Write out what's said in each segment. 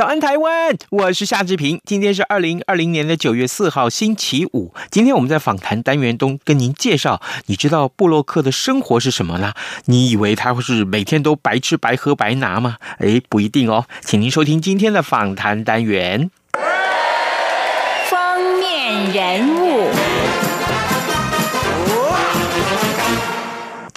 早安，台灣！我是夏治平。今天是二零二零年的九月四號，星期五。今天我們在訪談單元中跟您介紹，你知道部落客的生活是什麼嗎？你以為他會是每天都白吃白喝白拿嗎？哎，不一定哦。請您收聽今天的訪談單元。封面人物。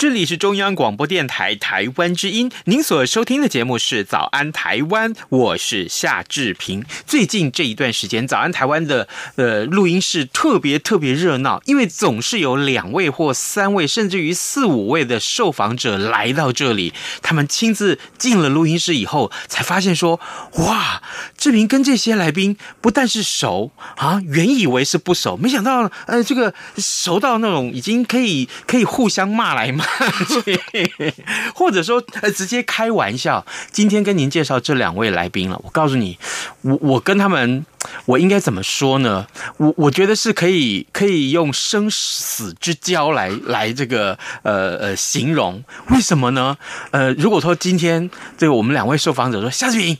這裡是中央廣播電台台灣之音，您所收聽的節目是《早安台灣》，我是夏志平。最近這一段時間，《早安台灣》的呃錄音室特別特別熱鬧，因為總是有兩位或三位，甚至於四五位的受訪者來到這裡，他們親自進了錄音室以後，才發現說：“哇，志平跟這些來賓不但是熟啊，原以為是不熟，沒想到呃這個熟到那種已經可以可以互相罵來罵。” 或者說，呃直接開玩笑。今天跟您介紹這兩位來賓了，我告訴你，我我跟他們，我應該怎麼說呢？我我覺得是可以可以用生死之交來來這個呃呃形容。為什麼呢？呃，如果說今天這個我們兩位受訪者說夏治平，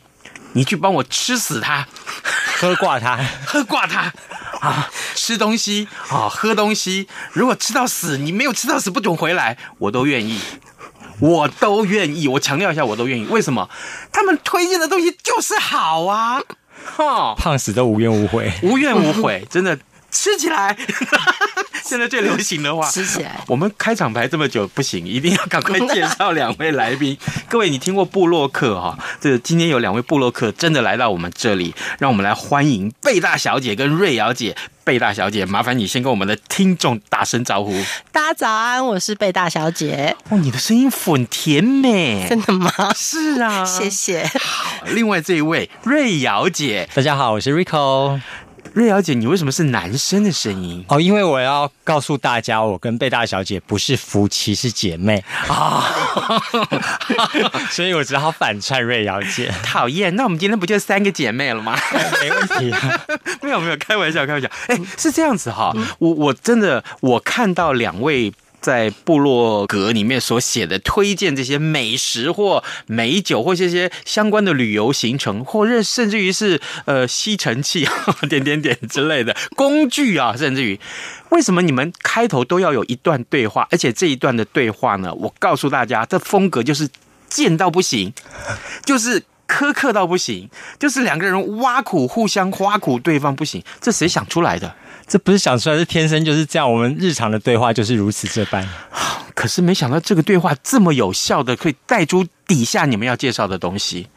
你去幫我吃死他， 喝掛他， 喝掛他。啊，吃東西啊，喝東西，如果吃到死，你沒有吃到死不准回來，我都願意，我都願意，我強調一下，我都願意。為什麼？他們推薦的東西就是好啊！哈，胖死都無怨無悔，無怨無悔，真的。吃起來， 現在最流行的話，吃起來。我們開場白這麼久不行，一定要趕快介紹兩位來賓。 各位，你聽過部落客哈？這今天有兩位部落客真的來到我們這裡，讓我們來歡迎貝大小姐跟瑞餚姐。貝大小姐，麻煩你先跟我們的聽眾打聲招呼。大家早安，我是貝大小姐。哦，你的聲音粉甜美，真的嗎？是啊，謝謝。好，另外這一位瑞餚姐，大家好，我是 Rico。瑞餚姐，你為什麼是男生的聲音？哦，因為我要告訴大家，我跟貝大小姐不是夫妻，是姐妹啊， 所以我只好反串瑞餚姐。討厭，那我們今天不就三個姐妹了嗎？哎、沒問題、啊， 沒有沒有，開玩笑開玩笑。哎，是這樣子哈、哦，嗯、我我真的我看到兩位在部落格裡面所寫的推薦這些美食或美酒，或這些相關的旅遊行程，或甚甚至於是呃吸塵器 點點點之類的工具啊，甚至於為什麼你們開頭都要有一段對話，而且這一段的對話呢？我告訴大家，這風格就是賤到不行，就是苛刻到不行，就是兩個人挖苦互相挖苦對方不行，這誰想出來的？這不是想出來，是天生就是這樣。我們日常的對話就是如此這般。可是沒想到這個對話這麼有效的，可以帶出底下你們要介紹的東西。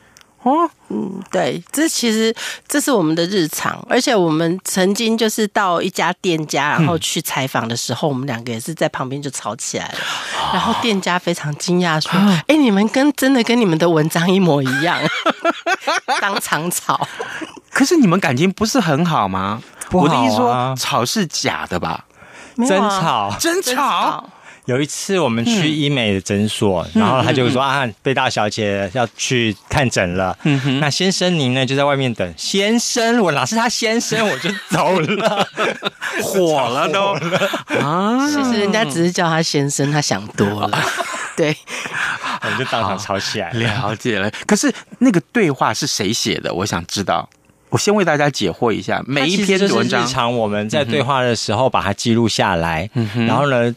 哦，嗯，對，這其實這是我們的日常。而且我們曾經就是到一家店家，然後去採訪的時候，嗯、我們兩個也是在旁邊就吵起來了。然後店家非常驚訝說：“哎、哦欸，你們跟真的跟你們的文章一模一樣。 當場”當場吵。可是你們感情不是很好嗎？我的意思說，吵是假的吧？真吵，真吵。有一次我們去醫美的診所，然後他就說：“啊，貝大小姐要去看診了。”那先生您呢？就在外面等。先生，我老是他先生，我就走了，火了都啊！其實人家只是叫他先生，他想多了。對，我們就當場吵起來，了解了。可是那個對話是誰寫的？我想知道。我先為大家解惑一下，每一篇的文章，它其實就是日常，我們在對話的時候把它記錄下來。嗯、哼然後呢，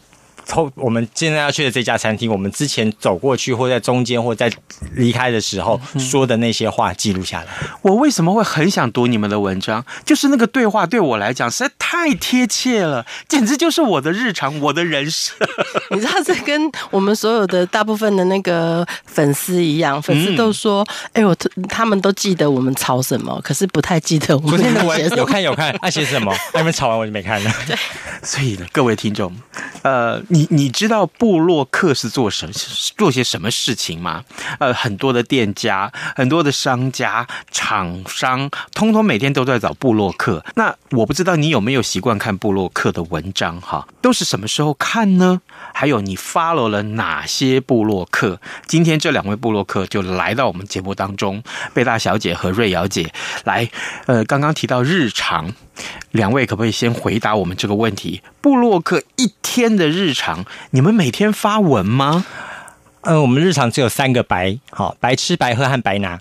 偷我們現在要去的這家餐廳，我們之前走過去或在中間或在離開的時候說的那些話記錄下來。嗯、我為什麼會很想讀你們的文章？就是那個對話對我來講實在太貼切了，簡直就是我的日常，我的人生。你知道，這跟我們所有的大部分的那個粉絲一樣，粉絲都說：“哎、嗯欸，我他們都記得我們吵什麼，可是不太記得我們昨天的文。”有看有看，他、 啊、寫什麼？他、啊、們吵完我就沒看了。對，所以呢各位聽眾，呃。你你知道部落客是做什麼，做些什麼事情嗎？呃，很多的店家、很多的商家、廠商，通通每天都在找部落客。那我不知道你有沒有習慣看部落客的文章，哈，都是什麼時候看呢？還有你 follow 了哪些部落客？今天這兩位部落客就來到我們節目當中，貝大小姐和瑞餚姐來。呃，剛剛提到日常，兩位可不可以先回答我們這個問題？部落客一天的日常，你們每天發文嗎？嗯、呃，我們日常只有三個白，好，白吃白喝和白拿。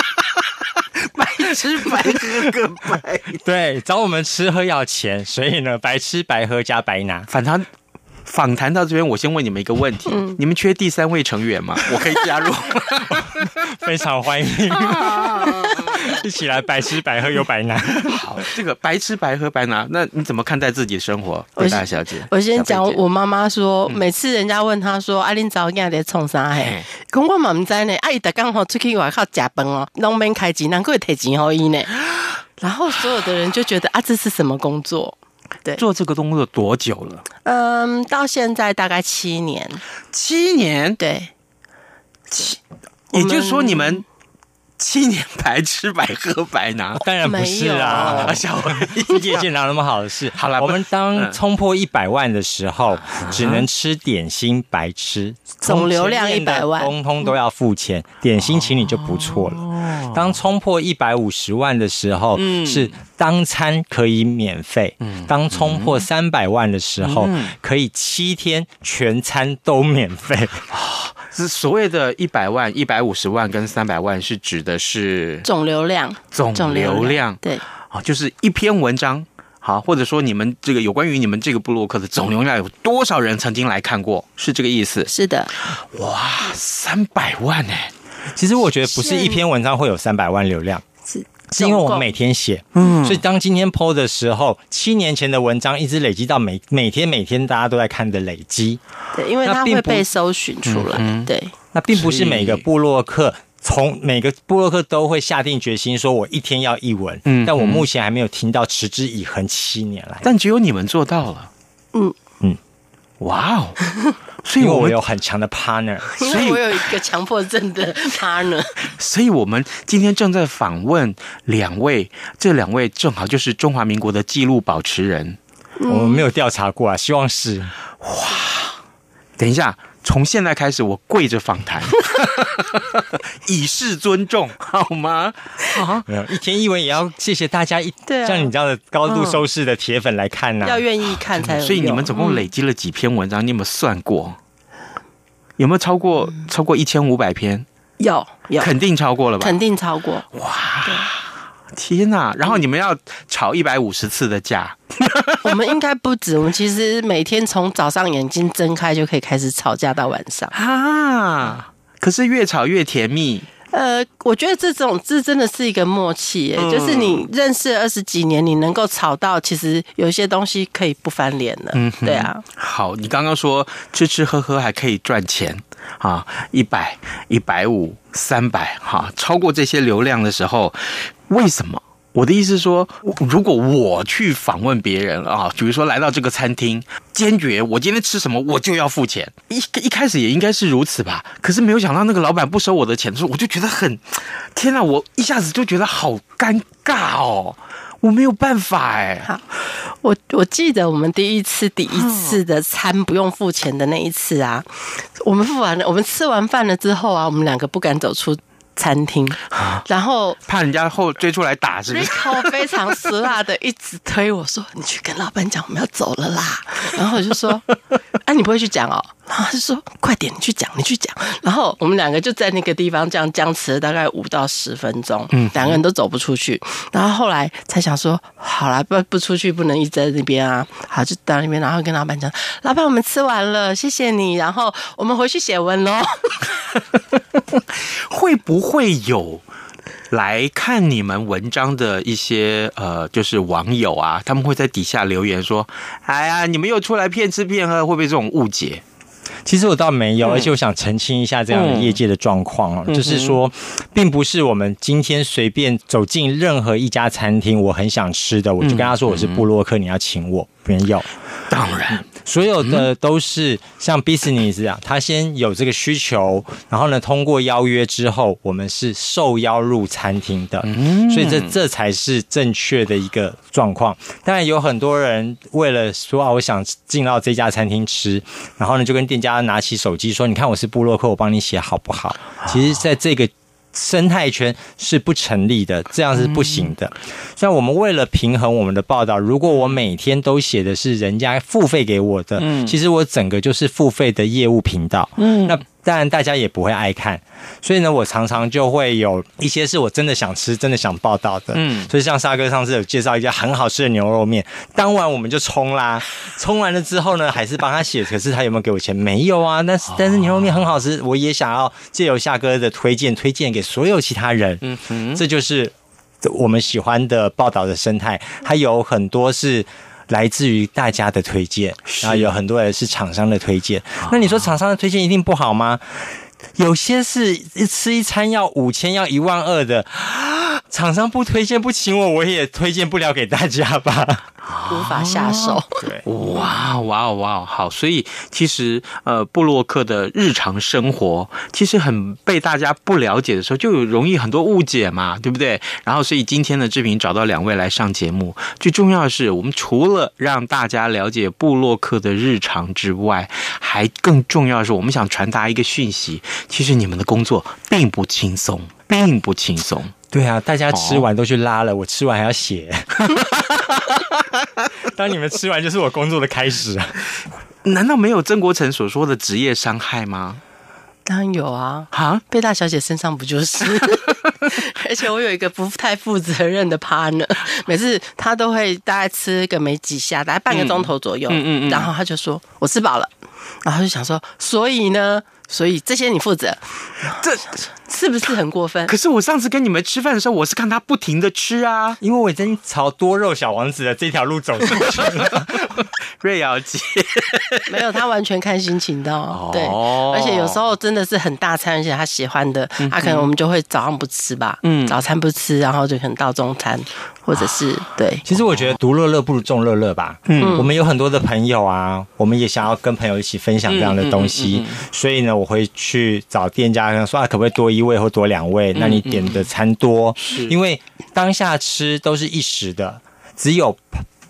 白吃白喝個白， 對，找我們吃喝要錢，所以呢，白吃白喝加白拿，反訪談到這邊，我先問你們一個問題：嗯嗯、你們缺第三位成員嗎？我可以加入， 非常歡迎， 一起來白吃白喝又白拿 好。這個白吃白喝白拿，那你怎麼看待自己的生活，我大小姐？我先講，我媽媽說，每次人家問她說：“阿玲早，現、啊、在衝上嘿，跟、嗯、我蠻在呢。阿、啊、姨，剛剛好出去外靠加班哦，攏免開錢，難怪提錢好易呢。 然後所有的人就覺得啊，這是什麼工作？對做這個工作多久了？嗯，到現在大概七年。七年，對，七。也就是說你們七年白吃白喝白拿，哦、當然不是啊，小文有，哪拿那麼好的事？ 好了啦，我們當衝破一百萬的時候，嗯、只能吃點心，白吃，總流量一百萬，通通都要付錢，嗯、點心請你就不錯了。當衝破一百五十萬的時候，嗯、是當餐可以免費；嗯、當衝破三百萬的時候，嗯、可以七天全餐都免費。啊、哦，是所謂的一百萬、一百五十萬跟三百萬，是指的是總流量、流量總流量。對，啊，就是一篇文章，好，或者說你們這個有關於你們這個部落客的總流量有多少人曾經來看過，是這個意思？是的。哇，三百萬哎、欸。其實我覺得不是一篇文章會有三百萬流量，是是因為我每天寫，嗯，所以當今天 PO 的時候，七年前的文章一直累積到每每天每天大家都在看的累積，對，因為它會被搜尋出來，嗯、哼對，那並不是每個部落客從每個部落客都會下定決心說我一天要一文，嗯、哼但我目前還沒有聽到持之以恆七年來，但只有你們做到了，嗯嗯，哇哦、嗯。Wow 所以我，因為我有很強的 partner，所以我有一個強迫症的 partner。所以我們今天正在訪問兩位，這兩位正好就是中華民國的紀錄保持人。我們沒有調查過啊，希望是哇，等一下。從現在開始，我跪着訪談， 以示尊重，好嗎？啊！一天一文也要謝謝大家一，像你這樣的高度收視的鐵粉來看呢、啊啊，要願意看才、啊、所以你們總共累積了幾篇文章？嗯、你有沒有算過？有沒有超過超過一千五百篇？有，有，肯定超過了吧？肯定超過。哇！天哪、啊！然後你們要吵一百五十次的架。嗯，我們應該不止。我們其實每天從早上眼睛睜開就可以開始吵架到晚上啊！可是越吵越甜蜜。呃，我覺得這種字真的是一個默契，哎、嗯，就是你認識二十幾年，你能夠吵到，其實有一些東西可以不翻臉了。嗯哼，對啊。好，你剛剛說吃吃喝喝還可以賺錢啊，一百、一百五、三百，哈，超過這些流量的時候。為什麼？我的意思是說，如果我去訪問別人啊，比如說來到這個餐廳，堅決我今天吃什麼，我就要付錢。一一開始也應該是如此吧。可是沒有想到那個老板不收我的錢的時候，我就覺得很，天哪！我一下子就覺得好尷尬哦。我沒有辦法哎。好，我我記得我們第一次第一次的餐不用付錢的那一次啊，我們付完了，我們吃完飯了之後啊，我們兩個不敢走出。餐廳，然後怕人家後追出來打，是不是？然後非常死辣的一直推我說：“ 你去跟老闆講，我們要走了啦。” 然後我就說：“哎、啊，你不會去講哦。”他、啊、就說：“快點，你去講，你去講。”然後我們兩個就在那個地方這樣僵持了大概五到十分鐘，嗯、兩個人都走不出去。然後後來才想說：“好啦，不不出去，不能一直在那邊啊。”好，就到那邊，然後跟老板講：“老板，我們吃完了，謝謝你。”然後我們回去寫文嘍。會不會有來看你們文章的一些呃，就是網友啊，他們會在底下留言說：“哎呀，你們又出來騙吃騙喝，會不會這種誤解？”其實我倒沒有，而且我想澄清一下這樣業界的狀況哦，嗯、就是說，並不是我們今天隨便走進任何一家餐廳，我很想吃的，我就跟他說我是部落客，嗯、你要請我。人要，當然、嗯，所有的都是像 Business 這樣，他先有這個需求，然後呢，通過邀約之後，我們是受邀入餐廳的，所以這這才是正確的一個狀況。當然，有很多人為了說啊，我想進到這家餐廳吃，然後呢，就跟店家拿起手機說，你看我是部落客，我幫你寫好不好？其實，在這個。生態圈是不成立的，這樣是不行的。像、嗯、我們為了平衡我們的報道，如果我每天都寫的是人家付費給我的，嗯、其實我整個就是付費的業務頻道。嗯，那。但大家也不會愛看，所以呢，我常常就會有一些是我真的想吃、真的想報道的。嗯，所以像夏哥上次有介紹一家很好吃的牛肉麵，當晚我們就衝啦。衝完了之後呢，還是幫他寫， 可是他有沒有給我錢？沒有啊。但是、哦、但是牛肉麵很好吃，我也想要借由夏哥的推薦，推薦給所有其他人。嗯哼，這就是我們喜歡的報道的生態。還有很多是。來自於大家的推薦，然後有很多人是廠商的推薦。是那你說廠商的推薦一定不好嗎？啊、有些是一吃一餐要五千，要一萬二的，啊、廠商不推薦不請我，我也推薦不了給大家吧。無法下手，哦、對哇哇哦哇哦，好，所以其實呃，部落客的日常生活其實很被大家不了解的時候，就容易很多誤解嘛，對不對？然後，所以今天的治平找到兩位來上節目，最重要的是，我們除了讓大家了解部落客的日常之外，還更重要的是，我們想傳達一個訊息：其實你們的工作並不輕鬆，並不輕鬆。對啊，大家吃完都去拉了，oh. 我吃完還要寫。 當你們吃完就是我工作的開始。 難道沒有曾國成所說的職業傷害嗎？當然有啊！好蛤，貝大小姐身上不就是？ 而且我有一個不太負責任的 partner，每次他都會大概吃個沒幾下，大概半個鐘頭左右，嗯,嗯嗯,嗯，然後他就說我吃飽了，然後他就想說，所以呢？所以這些你負責，這是不是很過分？可是我上次跟你們吃飯的時候，我是看他不停的吃啊，因為我已經朝多肉小王子的這條路走出去了。 瑞餚姐沒有他完全看心情的，哦。哦對，而且有時候真的是很大餐，而且他喜歡的，他、嗯哼啊、可能我們就會早上不吃吧，嗯，早餐不吃，然後就可能到中餐，或者是對。其實我覺得獨樂樂不如眾樂樂吧，嗯，我們有很多的朋友啊，我們也想要跟朋友一起分享這樣的東西，嗯嗯嗯嗯，所以呢。我會去找店家說，他可不可以多一位或多兩位？嗯嗯，那你點的餐多。是因為當下吃都是一時的，只有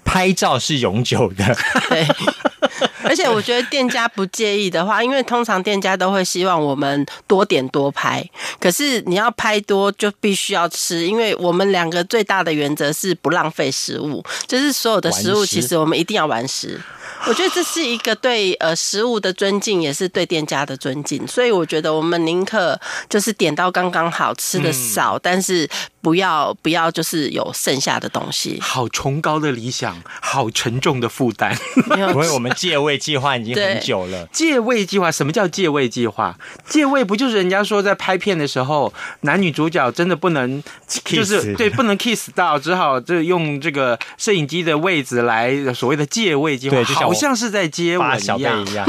拍照是永久的。對， 而且我覺得店家不介意的話，因為通常店家都會希望我們多點多拍。可是你要拍多，就必須要吃，因為我們兩個最大的原則是不浪費食物，就是所有的食物其實我們一定要完食。完食我覺得這是一個對呃，食物的尊敬，也是對店家的尊敬，所以我覺得我們寧可就是點到剛剛好吃的少，嗯、但是不要不要就是有剩下的東西。好崇高的理想，好沉重的負擔。因為我們借胃計劃已經很久了。借位計劃，什麼叫借位計劃？借位不就是人家說在拍片的時候，男女主角真的不能、就是、kiss，對，不能 kiss 到，只好就用這個攝影機的位置來所謂的借位計劃。像是在接吻一樣，一樣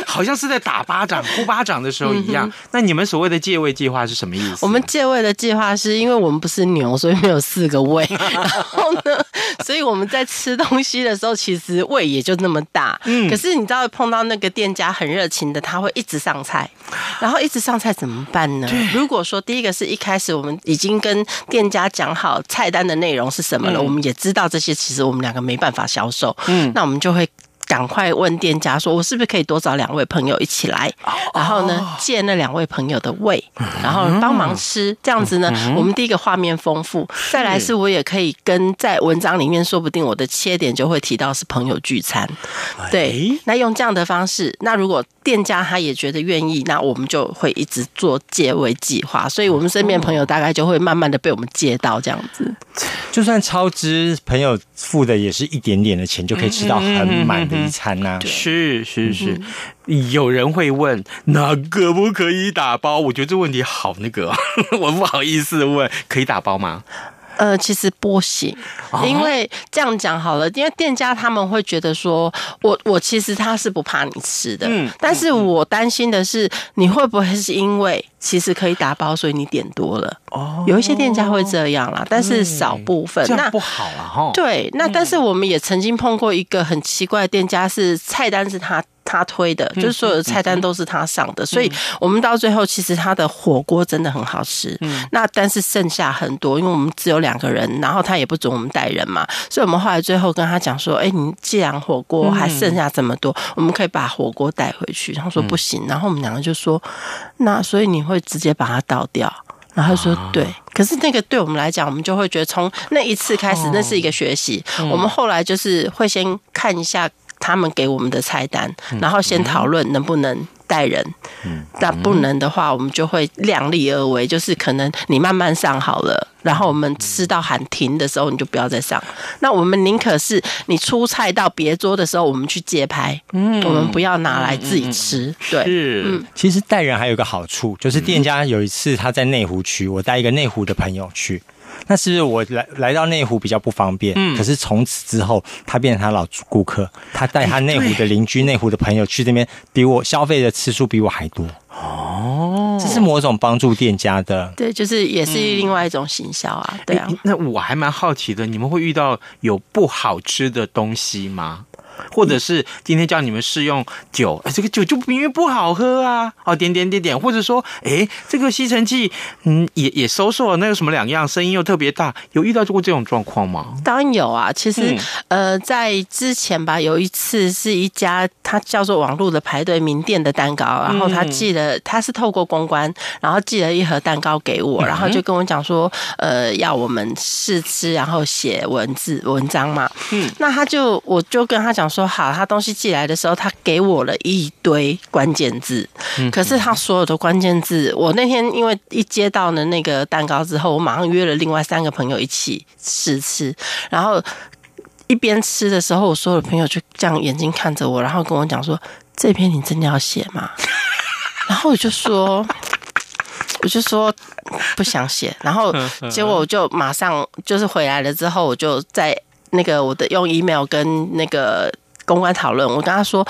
好像是在打巴掌、哭巴掌的時候一樣。 那你們所謂的借胃計劃是什麼意思？我們借胃的計劃是因為我們不是牛，所以沒有四個胃，然後呢，所以我們在吃東西的時候，其實胃也就那麼大。嗯。可是你知道碰到那個店家很熱情的，他會一直上菜，然後一直上菜怎麼辦呢？對 如果說第一個是一開始我們已經跟店家講好菜單的內容是什麼了，嗯、我們也知道這些，其實我們兩個沒辦法銷售。嗯。那我們就會。趕快問店家說：“我是不是可以多找兩位朋友一起來？然後呢，借那兩位朋友的胃，然後幫忙吃。這樣子呢，我們第一個畫面豐富。再來是我也可以跟在文章裡面，說不定我的切點就會提到是朋友聚餐。對，那用這樣的方式，那如果店家他也覺得願意，那我們就會一直做借胃計劃。所以，我們身邊朋友大概就會慢慢的被我們借到這樣子。就算超支，朋友付的也是一點點的錢，就可以吃到很滿的。” 遺產是是是，是是嗯、有人會問，那可不可以打包？我覺得這問題好那個， 我不好意思問，可以打包嗎？呃，其實不行，因為這樣講好了，因為店家他們會覺得說，我我其實他是不怕你吃的，嗯，但是我擔心的是你會不會是因為其實可以打包，所以你點多了，哦，有一些店家會這樣啦，但是少部分對那不好了哈，對，那但是我們也曾經碰過一個很奇怪的店家，是菜單是他。他推的就是所有的菜單都是他上的，嗯、所以我們到最後其實他的火鍋真的很好吃。嗯、那但是剩下很多，因為我們只有兩個人，然後他也不准我們帶人嘛，所以我們後來最後跟他講說：“哎、欸，你既然火鍋還剩下這麼多，我們可以把火鍋帶回去。嗯”他說：“不行。”然後我們兩個就說：“那所以你會直接把它倒掉？”然後他說：“對。啊”可是那個對我們來講，我們就會覺得從那一次開始，哦、那是一個學習。嗯、我們後來就是會先看一下。他們給我們的菜單，然後先討論能不能帶人。嗯，但不能的話，我們就會量力而為，就是可能你慢慢上好了，然後我們吃到喊停的時候，你就不要再上。嗯、那我們寧可是你出菜到別桌的時候，我們去接拍。嗯，我們不要拿來自己吃。嗯、對，是嗯，其實帶人還有一個好處，就是店家有一次他在內湖區，我帶一個內湖的朋友去。那是不是我來來到內湖比較不方便？嗯，可是從此之後，他變成他老顧客，他帶他內湖的鄰居、哎、內湖的朋友去那邊，比我消費的次數比我還多。哦，這是某種幫助店家的，對，就是也是另外一種行銷啊，嗯、對啊、哎。那我還蠻好奇的，你們會遇到有不好吃的東西嗎？或者是今天叫你們試用酒，欸，這個酒就明明不好喝啊！哦，啊，點點點點，或者說，哎，欸，這個吸塵器，嗯，也也收受了，那有什麼兩樣？聲音又特別大，有遇到過這種狀況嗎？當然有啊，其實，嗯、呃，在之前吧，有一次是一家他叫做網絡的排隊名店的蛋糕，然後他寄了，嗯，他是透過公關，然後寄了一盒蛋糕給我，然後就跟我講說，呃，要我們試吃，然後寫文字文章嘛。嗯，那他就我就跟他講說。說好，他東西寄來的時候，他給我了一堆關鍵字。嗯、哼可是他所有的關鍵字，我那天因為一接到呢那個蛋糕之後，我馬上約了另外三個朋友一起試吃。然後一邊吃的時候，我所有的朋友就這樣眼睛看着我，然後跟我講說：“這篇你真的要寫嗎？” 然後我就說：“我就說不想寫。”然後結果我就馬上就是回來了之後，我就在那個我的用 email 跟那個。公關討論，我跟他說，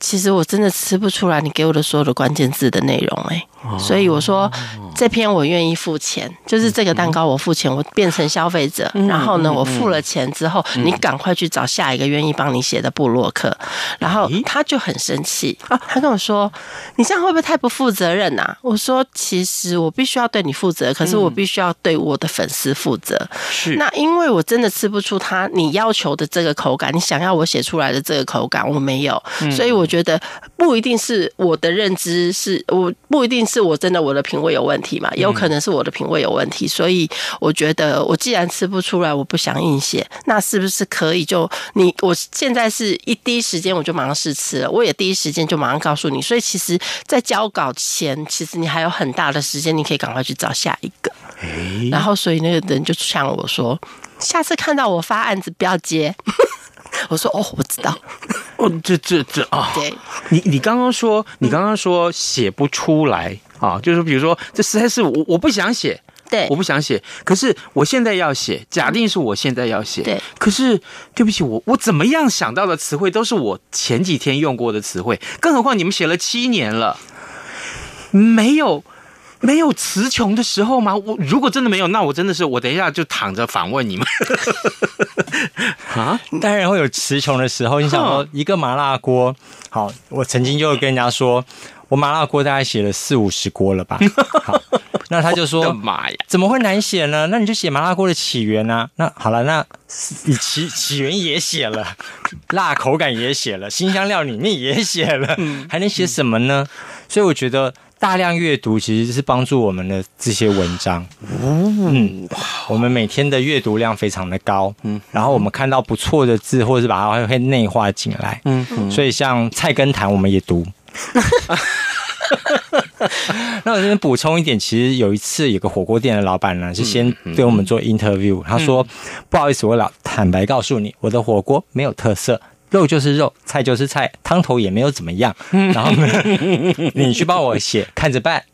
其實我真的吃不出來你給我的所有的關鍵字的內容，欸，誒。所以我說這篇我願意付錢，就是這個蛋糕我付錢，我變成消費者。然後呢，我付了錢之後，你趕快去找下一個願意幫你寫的部落客。然後他就很生氣啊，他跟我說：“你這樣會不會太不負責任吶、啊？”我說：“其實我必須要對你負責，可是我必須要對我的粉絲負責。是那因為我真的吃不出他你要求的這個口感，你想要我寫出來的這個口感我沒有，所以我覺得不一定是我的認知是我不一定是。”是我真的我的品味有問題嘛？有可能是我的品味有問題，所以我覺得我既然吃不出來，我不想硬寫，那是不是可以就你？我現在是一第一時間我就馬上試吃了，我也第一時間就馬上告訴你。所以其實，在交稿前，其實你還有很大的時間，你可以趕快去找下一個。欸、然後，所以那個人就向我說：“下次看到我發案子，不要接。 ”我說：“哦，我知道。哦”哦，這這這啊！對，你你剛剛說，你剛剛說寫不出來。啊、哦，就是比如說，這實在是我我不想寫，對，我不想寫。可是我現在要寫，假定是我現在要寫，對。可是對不起，我我怎麼樣想到的詞彙都是我前幾天用過的詞彙，更何況你們寫了七年了，沒有。沒有詞窮的時候嗎？我如果真的沒有，那我真的是我等一下就躺着反問你們 啊！當然會有詞窮的時候。你想說一個麻辣鍋，哦、好，我曾經就跟人家說，我麻辣鍋大概寫了四五十鍋了吧。好，那他就說：“ 媽呀，怎麼會難寫呢？”那你就寫麻辣鍋的起源啊。那好了，那你起起源也寫了，辣口感也寫了，辛香料裡面也寫了，還能寫什麼呢？嗯、所以我覺得。大量閱讀其實是幫助我們的這些文章。哦、嗯，我們每天的閱讀量非常的高。嗯，然後我們看到不錯的字，或者是把它會內化進來。嗯，嗯，所以像《菜根譚》，我們也讀。 那我先補充一點，其實有一次有個火鍋店的老板呢，是先對我們做 interview，、嗯、他說：“嗯、不好意思，我老坦白告訴你，我的火鍋沒有特色。”肉就是肉，菜就是菜，湯頭也沒有怎麼樣。然後呢 你去幫我寫，看着辦。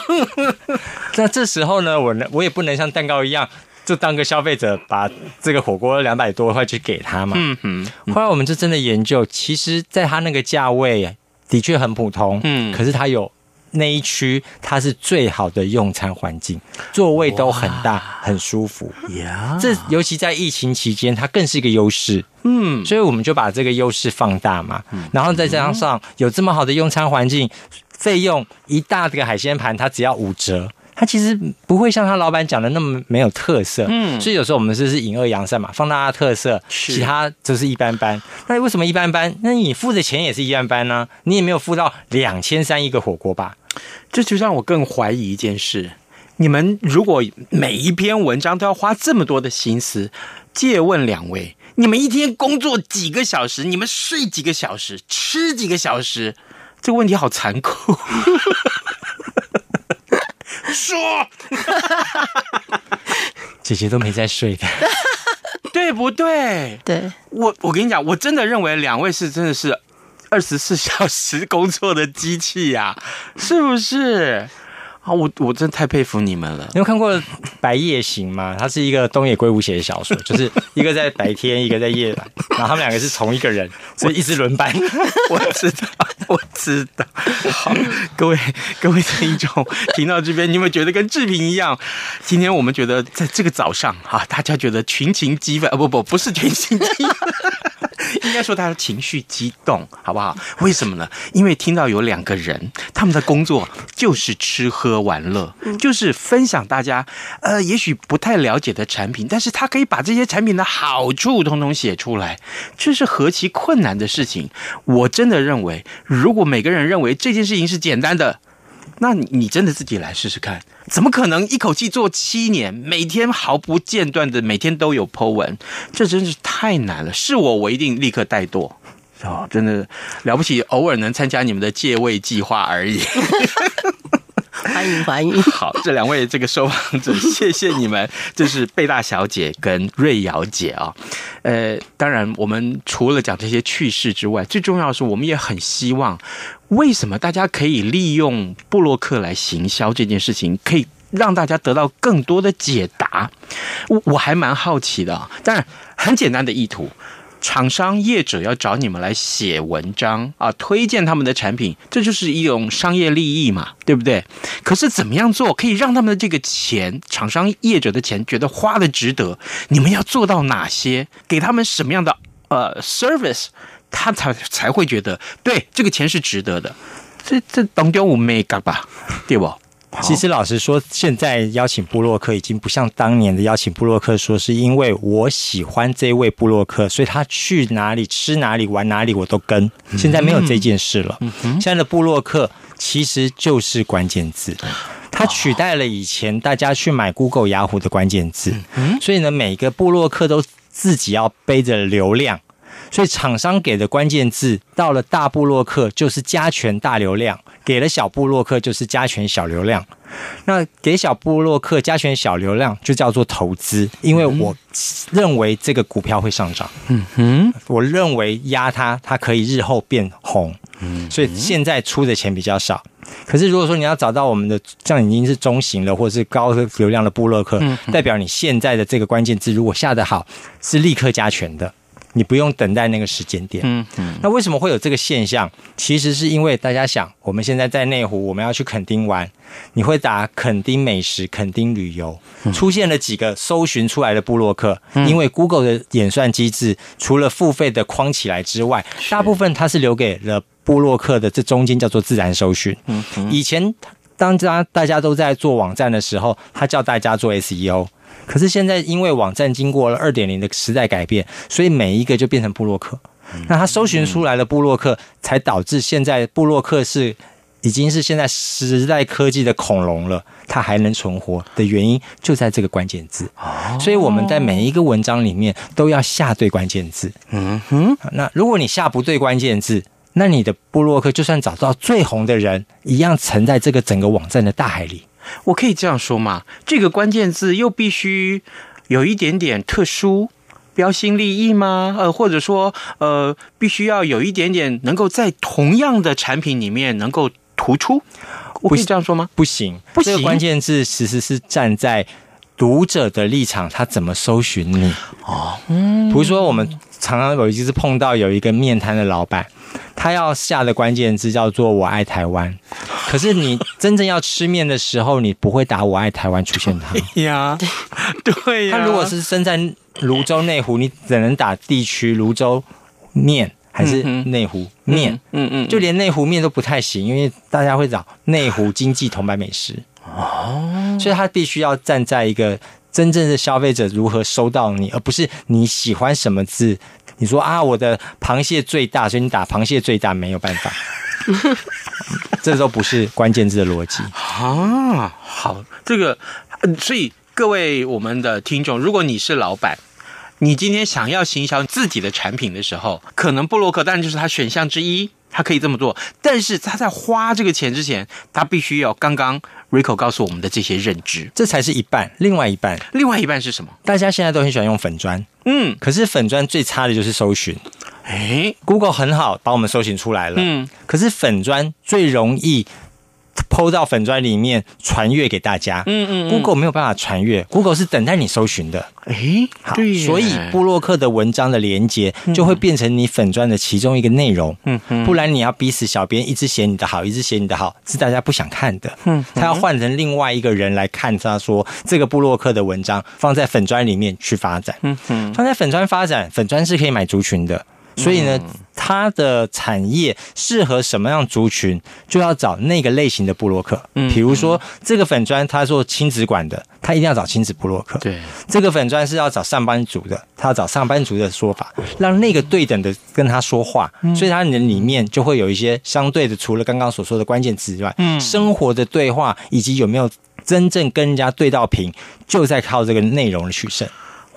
那這時候呢，我呢我也不能像蛋糕一樣，就當個消費者把這個火鍋兩百多塊去給他嘛。嗯嗯，後來我們就真的研究，其實，在他那個價位，的確很普通。嗯，可是他有。那一區它是最好的用餐環境，座位都很大，Wow. 很舒服。Yeah. 這尤其在疫情期間，它更是一個優勢。嗯，所以我們就把這個優勢放大嘛。嗯、然後再加上有這麼好的用餐環境，費、嗯、用一大這個海鮮盤，它只要五折。它其實不會像他老板講的那麼沒有特色。嗯，所以有時候我們就是隱惡揚善嘛，放大它的特色，是其他就是一般般。那為什麼一般般？那你付的錢也是一般般呢？你也沒有付到兩千三一個火鍋吧？這就讓我更懷疑一件事：你們如果每一篇文章都要花這麼多的心思，借問兩位，你們一天工作幾個小時？你們睡幾個小時？吃幾個小時？這個問題好殘酷！ 說， 姐姐都沒在睡的， 對不對？對，我我跟你講，我真的認為兩位是真的是。二十四小時工作的機器呀、啊，是不是啊？我我真的太佩服你們了。你有，有看過《白夜行》嗎？它是一個東野圭吾寫的小說，就是一個在白天， 一個在夜晚，然後他們兩個是同一個人，所以一直輪班。 我知道，我知道。好，各位各位聽眾，聽到這邊，你有沒有覺得跟治平一樣？今天我們覺得在這個早上啊，大家覺得群情激奮啊，哦、不，不不，不是群情激奮。 應該說，他的情緒激動，好不好？為什麼呢？因為聽到有兩個人，他們的工作就是吃喝玩樂，就是分享大家，呃，也許不太了解的產品，但是他可以把這些產品的好處通通寫出來，這是何其困難的事情！我真的認為，如果每個人認為這件事情是簡單的，那你你真的自己來試試看，怎麼可能一口氣做七年，每天毫不間斷的，每天都有 Po 文，這真是太難了。是我，我一定立刻怠惰，oh, 真的了不起，偶爾能參加你們的借胃計劃。而已。 歡迎歡迎，歡迎好，這兩位這個受訪者，謝謝你們，就是貝大小姐跟瑞餚姐啊、哦。呃，當然，我們除了講這些趣事之外，最重要的是，我們也很希望，為什麼大家可以利用部落客來行銷這件事情，可以讓大家得到更多的解答。我我還蠻好奇的，當然，很簡單的意圖。廠商業者要找你們來寫文章啊，推薦他們的產品，這就是一種商業利益嘛，對不對？可是怎麼樣做可以讓他們的這個錢，廠商業者的錢，覺得花的值得？你們要做到哪些？給他們什麼樣的呃 service，他才才會覺得對這個錢是值得的？這這東雕我 make 吧，對不？ 其實，老實說，現在邀請部落客已經不像當年的邀請部落客說，是因為我喜歡這位部落客，所以他去哪裡吃、哪裡玩、哪裡我都跟。現在沒有這件事了。現在的部落客其實就是關鍵字，它取代了以前大家去買 Google、雅虎、ah、的關鍵字。所以呢，每個部落客都自己要背着流量。所以廠商給的關鍵字到了大部落客就是加權大流量，給了小部落客就是加權小流量。那給小部落客加權小流量就叫做投資，因為我認為這個股票會上漲。嗯哼，我認為壓它，它可以日後變紅。嗯，所以現在出的錢比較少。可是如果說你要找到我們的這樣已經是中型了，或者是高的流量的部落客，代表你現在的這個關鍵字如果下得好，是立刻加權的。你不用等待那個時間點。嗯嗯。嗯，那為什麼會有這個現象？其實是因為大家想，我們現在在內湖，我們要去墾丁玩，你會打墾丁美食、墾丁旅遊，嗯、出現了幾個搜尋出來的部落客。嗯、因為 Google 的演算機制，除了付費的框起來之外，大部分它是留給了部落客的。這中間叫做自然搜尋、嗯。嗯嗯。以前，當家大家都在做網站的時候，他叫大家做 SEO。可是現在，因為網站經過了二點零的時代改變，所以每一個就變成部落客。那他搜尋出來的部落客，才導致現在部落客是已經是現在時代科技的恐龍了。它還能存活的原因，就在這個關鍵字。Oh. 所以我們在每一個文章裡面都要下對關鍵字。嗯哼。那如果你下不對關鍵字，那你的部落客就算找到最紅的人，一樣沉在這個整個網站的大海裡。我可以這樣說嗎？這個關鍵字又必須有一點點特殊、標新立異嗎？呃，或者說，呃，必須要有一點點能夠在同樣的產品裡面能夠突出？我可以這樣說嗎？不行，不行。這個關鍵字其實是站在讀者的立場，他怎麼搜尋你？哦，嗯，比如說，我們常常有一次碰到有一個麵攤的老闆。他要下的關鍵字叫做“我愛台灣”，可是你真正要吃麵的時候，你不會打“我愛台灣”出現它、 啊。對呀、啊，對呀。他如果是身在蘆洲內湖，你只能打地區蘆洲面，還是內湖面？嗯嗯哼，就連內湖面都不太行，嗯嗯嗯、因為大家會找內湖經濟同版美食哦。所以他必須要站在一個真正的消費者如何收到你，而不是你喜歡什麼字。你說啊，我的螃蟹最大，所以你打螃蟹最大沒有辦法。 這都不是關鍵字的邏輯啊。好，這個，所以各位我們的聽眾，如果你是老板，你今天想要行銷自己的產品的時候，可能部落客當然就是他選項之一。他可以這麼做，但是他在花這個錢之前，他必須要剛剛 Rico 告訴我們的這些認知，這才是一半。另外一半，另外一半是什麼？大家現在都很喜歡用粉專，嗯，可是粉專最差的就是搜尋。哎，Google 很好，把我們搜尋出來了，嗯，可是粉專最容易。po 到粉專裡面傳閱給大家，嗯嗯，Google 沒有辦法傳閱，Google 是等待你搜尋的，哎，好，所以部落客的文章的連結就會變成你粉專的其中一個內容，嗯嗯，不然你要逼死小編，一直寫你的好，一直寫你的好，是大家不想看的，嗯，他要換成另外一個人來看，他說這個部落客的文章放在粉專裡面去發展，嗯哼，放在粉專發展，粉專是可以買族群的，所以呢。它的產業適合什麼樣族群，就要找那個類型的部落客。嗯，比如說這個粉專，他是做親子館的，他一定要找親子部落客。對，這個粉專是要找上班族的，他要找上班族的說法，讓那個對等的跟他說話，嗯、所以他的裡面就會有一些相對的，除了剛剛所說的關鍵詞之外，嗯，生活的對話以及有沒有真正跟人家對到平，就在靠這個內容的取勝。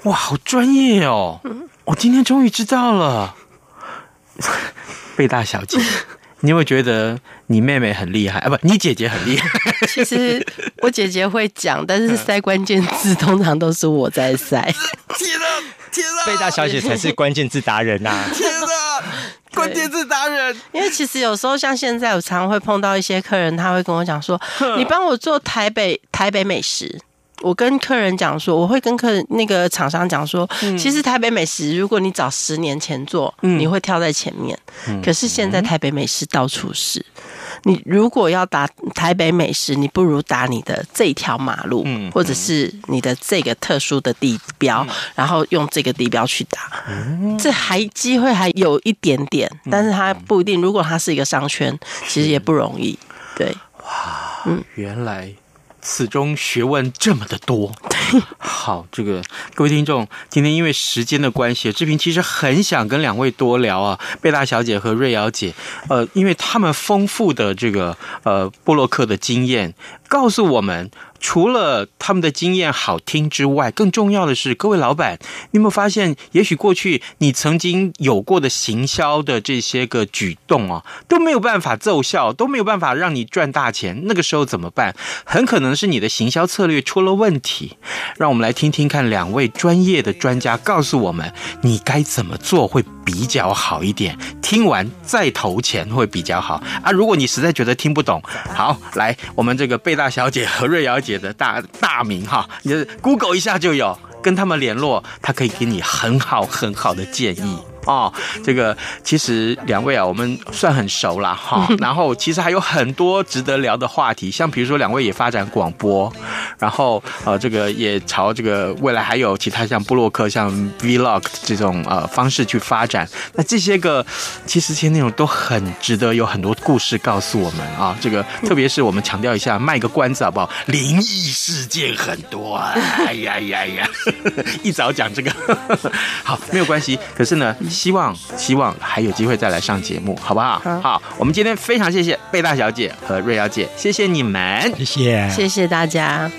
哇，好專業哦！我今天終於知道了。貝大小姐，你有沒有覺得你妹妹很厲害啊？不，你姐姐很厲害。其實我姐姐會講，但是塞關鍵字通常都是我在塞。天啊天啊！貝大小姐才是關鍵字達人吶！天啊，關鍵字達人。因為其實有時候像現在，我常常會碰到一些客人，他會跟我講說：“你幫我做台北台北美食。”我跟客人講說，我會跟客人那個廠商講說，其實台北美食，如果你早十年前做，你會跳在前面。可是現在台北美食到處是，你如果要打台北美食，你不如打你的這條馬路，或者是你的這個特殊的地標，然後用這個地標去打，這還機會還有一點點，但是它不一定。如果它是一個商圈，其實也不容易。對，哇，嗯，原來。此中學問這麼的多。好，這個各位聽眾，今天因為時間的關係，志平其實很想跟兩位多聊啊，貝大小姐和瑞餚姐，呃，因為他們豐富的這個呃部落客的經驗，告訴我們。除了他們的經驗好聽之外，更重要的是，各位老板，你有沒有發現，也許過去你曾經有過的行銷的這些個舉動啊、哦，都沒有辦法奏效，都沒有辦法讓你賺大錢？那個時候怎麼辦？很可能是你的行銷策略出了問題。讓我們來聽聽看，兩位專業的專家告訴我們，你該怎麼做會比較好一點。聽完再投錢會比較好啊！如果你實在覺得聽不懂，好，來，我們這個貝大小姐和瑞餚姐。寫的大大名哈，你的 Google 一下就有，跟他們聯絡，他可以給你很好很好的建議。哦，這個其實兩位啊，我們算很熟了哈、哦。然後其實還有很多值得聊的話題，像比如說兩位也發展廣播，然後呃這個也朝這個未來還有其他像部落客、像 Vlog 這種呃方式去發展。那這些個其實這些內容都很值得，有很多故事告訴我們啊、哦。這個特別是我們強調一下，賣個關子好不好？靈異事件很多，哎呀呀呀， 一早講這個 好，好沒有關係。可是呢。希望，希望還有機會再來上節目，好不好？嗯、好，我們今天非常謝謝貝大小姐和瑞餚姐，謝謝你們，謝謝，謝謝大家。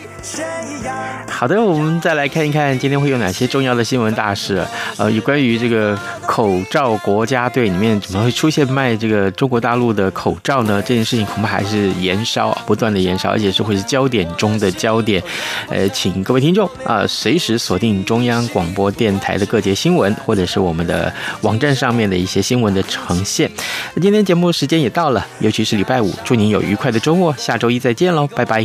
好的，我們再來看一看今天會有哪些重要的新聞大事。呃，有關於這個口罩國家隊裡面怎麼會出現賣這個中國大陸的口罩呢？這件事情恐怕還是延燒，不斷的延燒，而且是會是焦點中的焦點。呃，請各位聽眾啊、呃，隨時鎖定中央廣播電台的各節新聞，或者是我們的網站上面的一些新聞的呈現。那、呃、今天節目時間也到了，尤其是禮拜五，祝您有愉快的周末。下周一再見嘍，拜拜。